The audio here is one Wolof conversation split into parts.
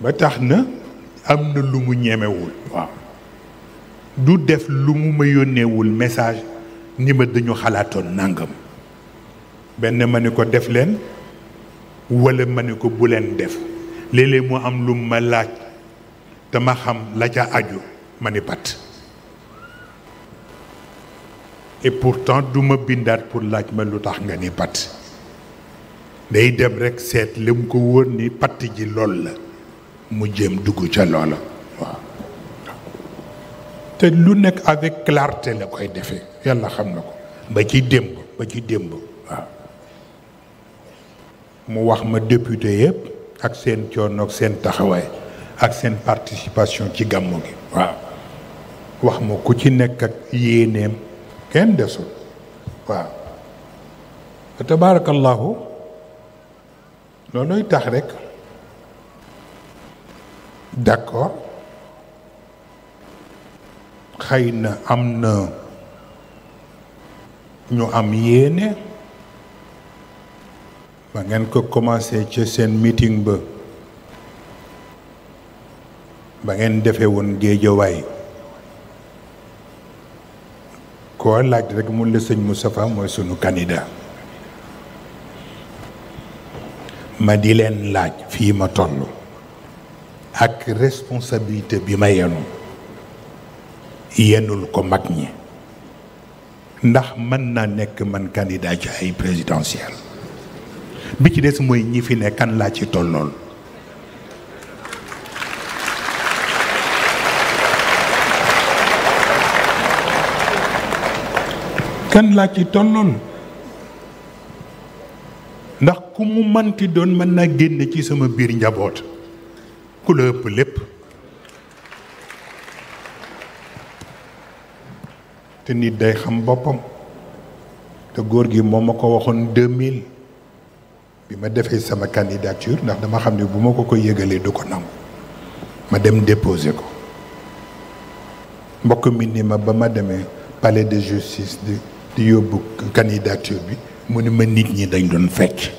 ba tax na am na lu mu ñemewul waaw du def lu mu ma yónneewul message ni ma dañu xalaatoon nangam benn ma ni ko def leen wala ma ni ko bu leen def léeg-léeg mu am lu ma laaj te ma xam la ca aju ma ni pat et pourtant du ma bindaat pour laaj ma lu tax nga ni pat day dem rekk seet li mu ko wóor ni patt ji lool la mu jéem dugg ca loola waaw te lu nekk avec clarté la koy defee yàlla xam na ko ba ci démb ba ci démb waaw mu wax ma député yëpp ak seen coono seen taxawaay ak seen participation ci gàmmu gi waaw wax ma ku ci nekk ak yéeneem kenn desul waaw tabaarakallahu loolooy tax rek d'accord xëy na am na ñu am yéene ba ngeen ko commencé ca seen meeting ba ba ngeen defee woon géejawaay koo laaj rekk mun la sëñ Moustapha mooy sunu candidat ma di leen laaj fii ma tollu ak responsabilité bi ma yenu yenul ko mag ñi ndax mën naa nekk man candidat ci ay présidentiel bi ci des mooy ñi fi ne kan laa ci tollool kan laa ci tollool ndax ku mu manti doon mën naa génn ci sama biir njaboot ku la ëpp lépp te nit day xam boppam te góor gi moom ma ko waxoon mille bi ma defee sama candidature ndax dama xam ne bu ma ko koy yëgalee du ko nangu ma dem déposé ko mbokk mi ni ma ba ma demee palais de justice di di yóbbu candidature bi mu ne ma nit ñi dañ doon fecc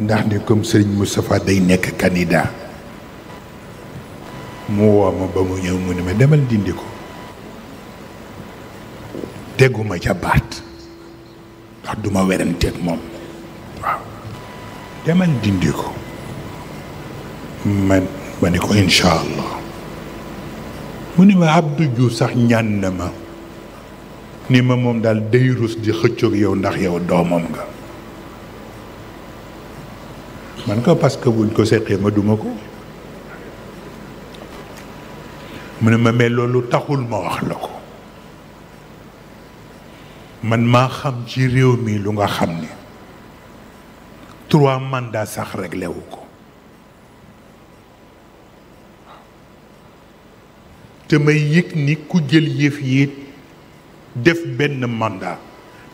ndax ni comme Serigne Moustapha day nekk candidat mu woo ma ba mu ñëw mu ne ma demal dindi ko dégguma ca baat ndax duma weranteeg moom waaw demal dindi ko man ma ne ko incha mu ni ma Abdou Diouf sax ñaan na ma ni ma moom daal day rus di xëccoog yow ndax yow doomam nga man ko parce que buñ ko seqee ma duma ko mu ne ma mais loolu taxul ma wax la ko man maa xam ci réew mi lu nga xam ni trois mandats sax réglé wu ko te may yëg ni ku jël yëf yi def benn mandat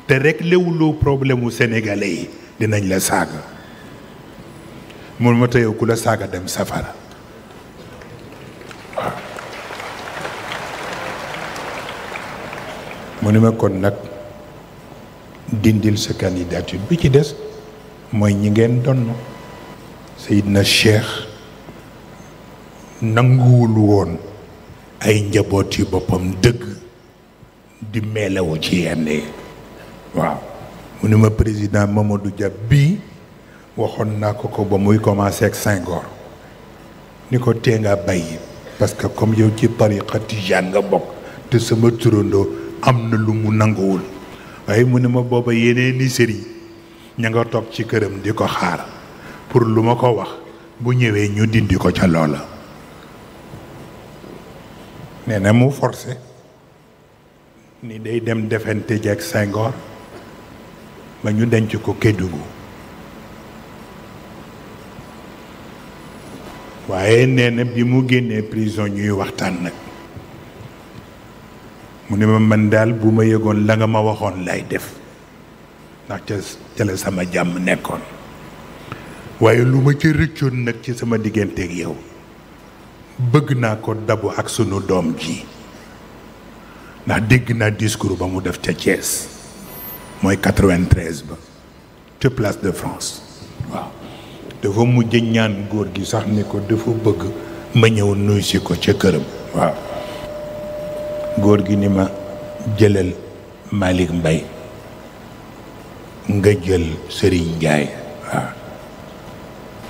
te réglé wuloo problème mu sénégalais yi dinañ la saaga mun ma tëyew ku la saaga dem safara waaw mu kon nag dindil sa candidature bi ci des mooy ñi ngeen donn na Cheikh nanguwul woon ay njaboot yu boppam dëgg di meelewu ci yenn yi waaw mu ne ma président Mamadou Dia bii waxoon naa ko ko ba muy commencé ak Senghor ni ko tee nga bàyyi parce que comme yow ci tariqa tijaan nga bokk te sama turandoo am na lu mu nanguwul waaye mu ne ma booba yeneen i sëriñ ña nga toog ci këram di ko xaar pour lu ma ko wax bu ñëwee ñu dindi ko ca loola nee na mu forcé ni day dem defante jeeg Senghor ba ñu denc ko Kédougou waaye nee na bi mu génnee prison ñuy waxtaan nag mu ne ma man daal bu ma yëgoon la nga ma waxoon lay def ndax ca ca la sama jàmm nekkoon waaye lu ma ca rëccoon nag ci sama digganteeg yow bëgg naa ko dabu ak sunu doom ji ndax dégg naa discours ba mu def ca Thiès mooy 93 ba ca place de France waaw dafa mujj ñaan góor gi sax ni ko dafa bëgg ma ñëw nuyu ko ca këram waaw góor gi ni ma jëlal Malick mbay nga jël Serigne gaay waaw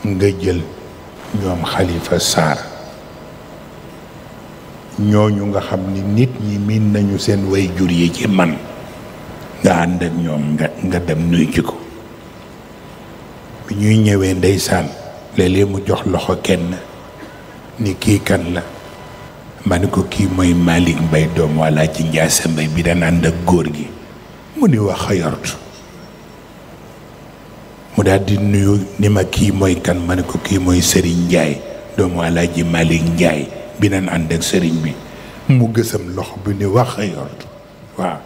nga jël ñoom Khalifa Sarr ñooñu nga xam ni nit ñi miin nañu seen way jur yi ci man nga ànd ak ñoom nga nga dem nuyu ko bi ñuy ñëwee ndeysaan léeg mu jox loxo kenn ni kii kan la ma ni ko kii mooy Malick Mbaye doom walla ci njaase mbay bi daan ànd ak góor gi mu ni wax xayortu mu daldi di nuyu ni ma kii mooy kan ma ni ko kii mooy Serigne Ndiaye doomu ji Malick njaay bi nan ànd ak sëriñ bi mu gësam loxo bi ni wax xayortu waaw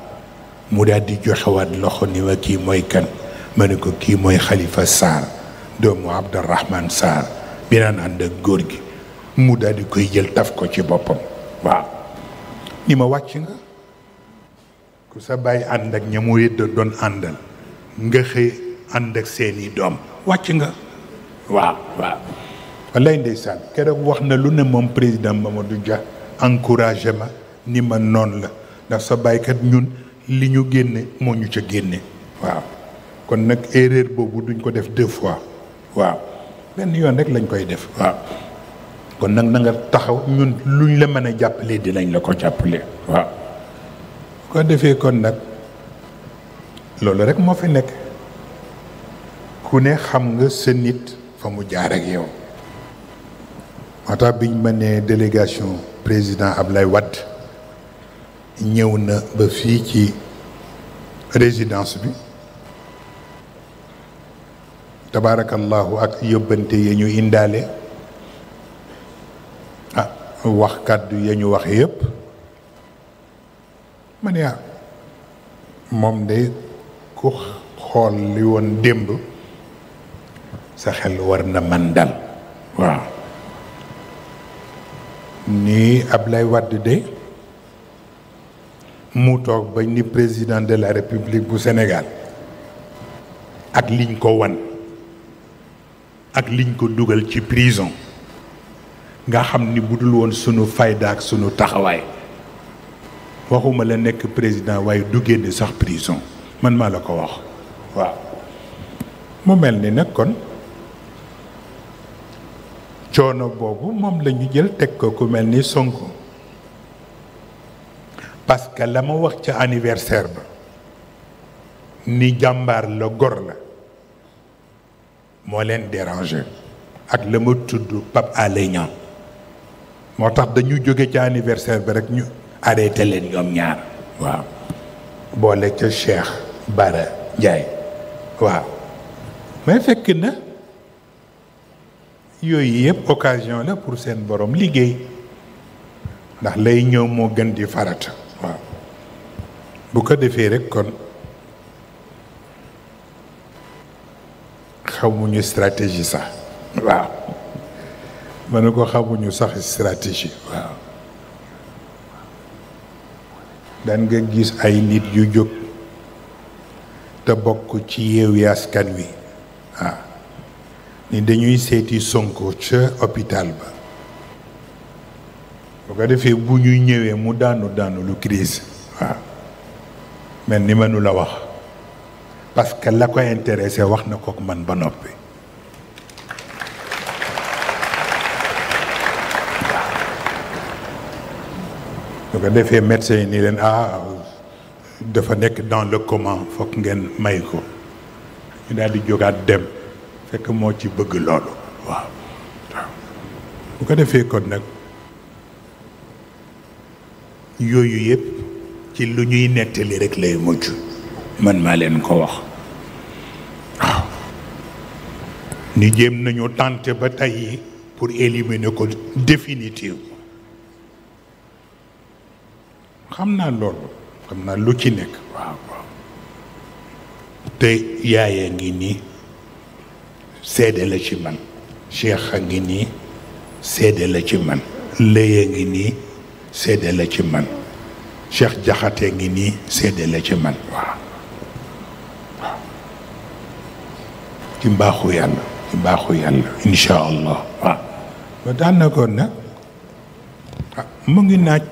mu daal joxewaat loxo ni ma kii mooy kan ma ne ko kii mooy xalifa Sarr doomu Abdourahman Sarr bi naan ànd ak góor gi mu daldi koy jël taf ko ci boppam waaw ni ma wàcc nga ku sa bàyyi ànd ak ña mu yëdda doon àndal nga xëy ànd ak seeni doom wàcc nga waaw waaw wallaay ndeysaan keroog wax na lu ne moom président du Dia encouragé ma ni ma noon la ndax sa baykat ñun li ñu génne moo ñu ca génne waaw kon nag erreur boobu duñ ko def deux fois waaw benn yoon rek lañ koy def waaw kon nag na nga taxaw ñun luñ la mën a jàppalee dinañ la ko jàppale waaw ko defee kon nag loolu rek moo fi nekk ku ne xam nga sa nit fa mu jaar ak yow moo tax biñ ma nee délégation président Ablaye Wade ñëw na ba fii ci résidence bi tabaarakallaahu ak yóbbante ya ñu indaale ah wax kàddu ya ñu wax yépp ma ne ah, moom de ku xool li woon démb sa xel war na man dal waaw ni Ablaye Wade de mu toog ba ni président de la république bu Sénégal ak liñ ko wan ak liñ ko dugal ci prison nga xam ni bu dul woon sunu fayda ak sunu taxawaay waxuma la nekk président waaye du génn sax prison man maa la ko wax waaw mu mel ni nag kon coono boobu moom la ñu jël teg ko ku mel ni Sonko parce que la ma wax ca anniversaire ba ni jàmbaar la gor la moo leen dérangé ak la ma tudd Pape Alé Niang moo tax dañu jóge ci anniversaire bi rek ñu arrêté leen ñoom ñaar waaw boole ca Cheikh Bara Ndiaye waaw mais fekk na yooyu yëpp occasion la pour seen boroom liggéey ndax lay ñëw moo gën di farata waaw bu ko defee rek kon xamuñu stratégie sax waaw ma ne ko xamuñu sax stratégie waaw dan nga gis ay nit yu jóg te bokk ci yeewi askan wi waaw ni dañuy seeti Sonko ca hôpital ba bu ko defee bu ñuy ñëwee mu daanu daanu lu crise waaw mel ni mënu wax parce que la ko intéressé wax na kook man ba noppi su ko defee médecin yi nii leen ah dafa nekk dans le comment foog ngeen may ko ñu daal di jógaat dem fekk moo ci bëgg loolu waaw bu ko defee kon nag yooyu yëpp ci lu ñuy nettali rek lay mujj man maa leen ko wax waaw nañu tenté ba tey pour éliminer ko définitive xam naa loolu xam naa lu ci nekk waaw te yaaya ngi nii seede la ci man cheikh a ngi nii seede la ci man léya ngi nii seede la ci man cheikh jaxate ngi nii seede la ci man ci mbaaxu yàlla ci mbaaxu yàlla incha allah waaw ba daanakoon nag ah, mu ngi naaj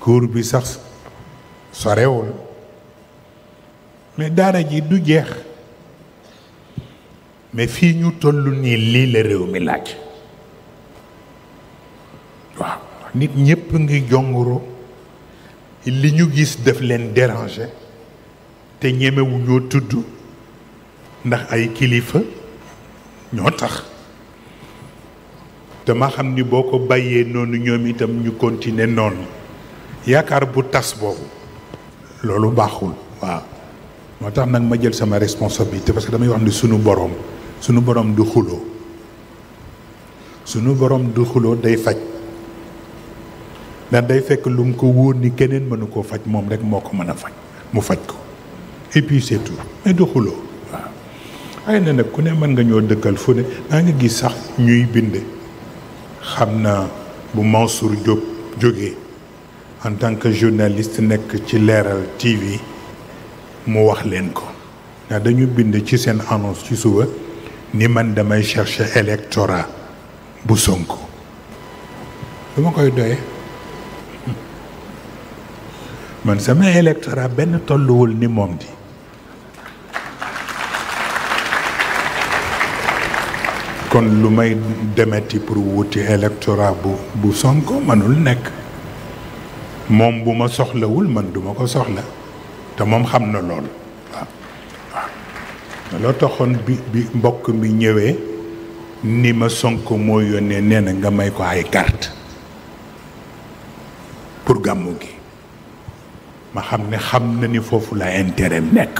cours bi sax sorewul mais daara ji du jeex mais fii ñu toll nii lii la réew mi laaj waaw nit ñépp ngi jonguru li ñu gis def leen déranger te ñemewuñoo tudd ndax ay kilifa ñoo tax dama xam ni boo ko bàyyee noonu ñoom itam ñu continuer noonu yaakaar bu tas boobu loolu baaxul waaw moo tax nag ma jël sama responsabilité parce que damay wax ni sunu boroom sunu boroom du xuloo sunu boroom du xuloo day faj ndax day fekk lu mu ko wóor ni keneen mënu koo faj moom rek moo ko mën a faj mu faj ko et puis c'est tout mais du xuloo xëy na nag ku ne mën nga ñoo dëkkal fu ne maa ngi gis sax ñuy bind xam naa bu Mansour jógee en tant que journaliste nekk ci leeral TV mu wax leen ko ndax dañu bind ci seen annonce ci suba ni man damay chercher électorat bu Sonko lu ma koy doyee hmm. man sama électorat benn tolluwul ni moom di kon lu may demeti pour wuti électorat bu bu Sonko mënul nekk moom bu ma soxlawul man duma ko soxla te moom xam na lool waaw waaw loo taxoon bi bi mbokk mi ñëwee ni ma Sonko moo yónnee nee na nga may ko ay carte pour gàmmu gi ma xam ne xam na ni foofu la intérêt nekk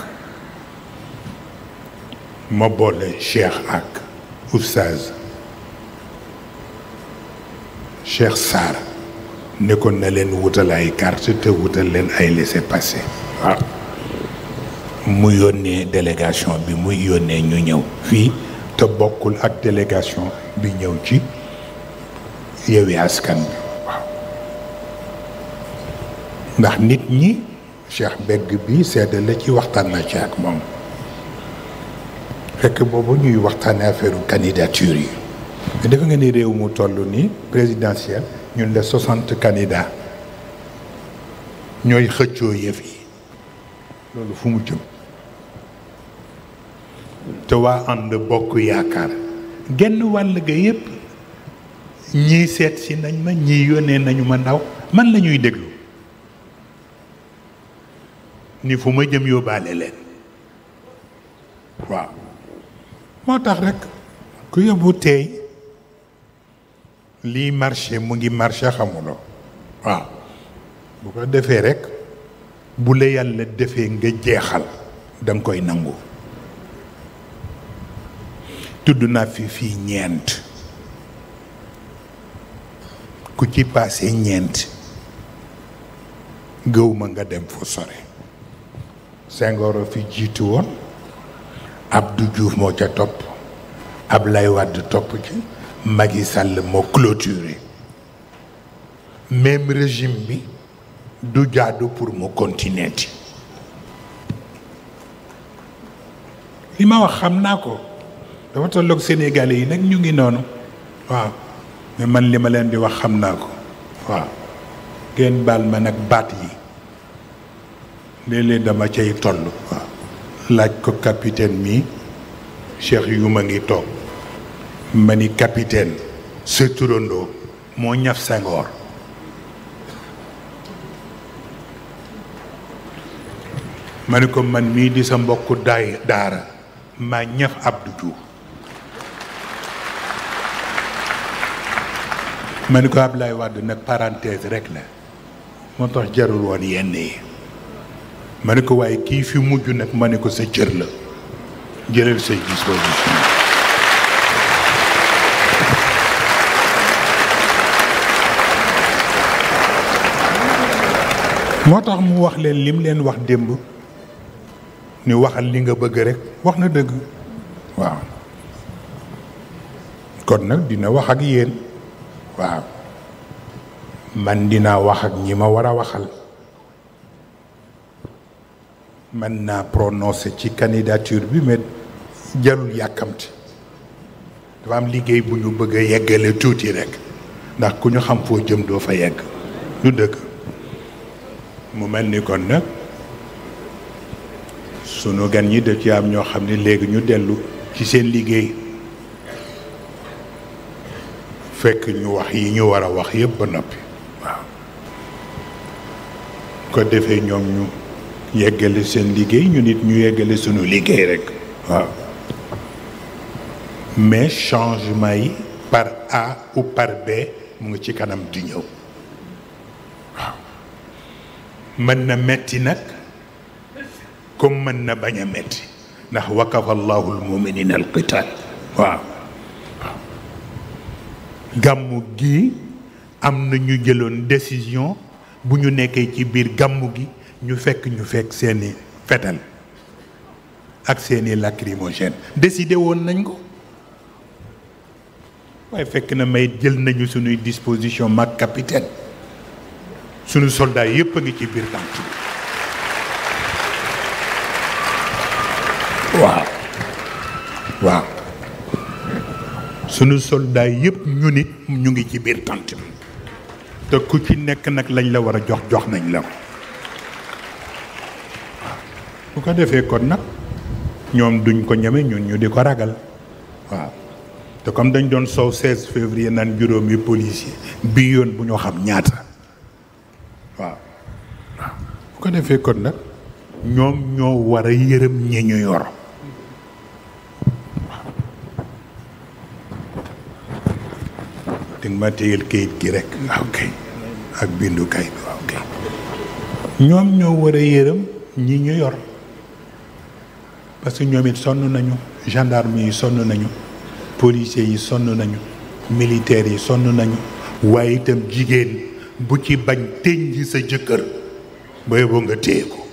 ma boole Cheikh ak oustaz Cheikh Sarr nekkoon na leen wutal ay carte te wutal leen ay laissez-passer ah. mu yónnee délégation bi muy yónnee ñu ñëw fii te bokkul ak délégation bi ñëw ci Yewwi Askan Wi ndax nit ñi Cheikh Begg bi sedd la ci waxtaan na ci ak moom fekk boobu ñuy waxtaane affaire candidature yi mais defe nga ni réew mu toll ni présidentiel ñun la soixante candidats ñooy xëccoo yëf yi loolu fu mu jëm te waa ànd bokk yaakaar genn wàll ga yépp ñii seet si nañ ma ñii yónnee nañu ma ndaw man lañuy déglu ni fu ma jëm yóbbaale leen waaw moo tax rek ku yóbbu tey lii marché mu ngi marché xamuloo waaw bu ko defee rekk bu la yàlla defee nga jeexal danga koy nangu tudd naa fii fii ñeent ku ci paase ñeent gëw nga dem fu sore Senghor fi jiitu woon ab du Diouf moo ca topp ab lay Wade topp ci mag Macky sàll moo clôturé même régime bi du jaadu pour mu continuer ti li ma wax xam naa ko dafa tolloog Sénégalais yi nag ñu ngi noonu waaw mais man li ma leen di wax xam naa ko waaw ngeen baal ma nag baat yi léeg leen dama cay toll waaw laaj ko capitaine mi yu ma ngi toog ma ni capitaine sa turandoo moo ñaf Senghor ma ni ko man mii di sa mbokku daay daara maa ñaf Abdou Diouf ma ni ko lay Wade nag parenthèse rek la moo tax jarul woon yenn yi ma ne ko waaye kii fi mujj nag ma ne ko sa cër la jëlal say disposition moo tax mu wax leen lim leen wax démb ni waxal li nga bëgg rekk wax na dëgg waaw kon nag dina wax ak yéen waaw man dinaa wax ak ñi ma war a waxal mën naa prononcé ci candidature bi mais jarul yàkkamti dafa am liggéey bu ñu bëgg a yeggale tuuti rekk ndax ku ñu xam foo jëm doo fa yegg lu dëkk mu mel ni kon nag sunu gan ñi da ci am ñoo xam ne léegi ñu dellu ci seen liggéey fekk ñu wax yi ñu war a wax yépp ba noppi waaw ko defee ñoom ñu yeggale seen liggéey ñu nit ñu yéggale sunu liggéey rek waaw mais changement yi par A ou par B mu ngi ci kanam di ñëw mën na metti nag comme mën na bañ a metti ndax wakafa allahu almuminina alqital waaw gàmmu gi am na ñu jëloon décision bu ñu nekkee ci biir gàmmu gi ñu fekk ñu fekk seeni fetal ak seeni lacrymogène décidé woon nañ ko waaye fekk na may jël nañu suñuy disposition mag capitaine suñu soldat yépp a ngi ci biir tànk waaw waaw sunu soldaa yëpp ñu nit ñu ngi ci biir tànt te ku ci nekk nag lañ la war a jox jox nañ la bu ko defee kon nag ñoom duñ ko ñeme ñun ñu di ko ragal waaw te comme dañ doon soow 16 février naan juróomi policier bi yoon bu ñu xam ñaata waaw waaw ko defee kon nag ñoom ñoo war a yërëm ñi yor danga ma kayit gi rek ak bindu kayit waaw kay ñoom ñoo war a yërëm ñi ñu yor parce que ñoom it sonn nañu gendarme yi sonn nañu policiers yi sonn nañu militaires yi sonn nañu waaye itam jigéen bu ci bañ teñ ji sa jëkkër ba yóbbu nga téye ko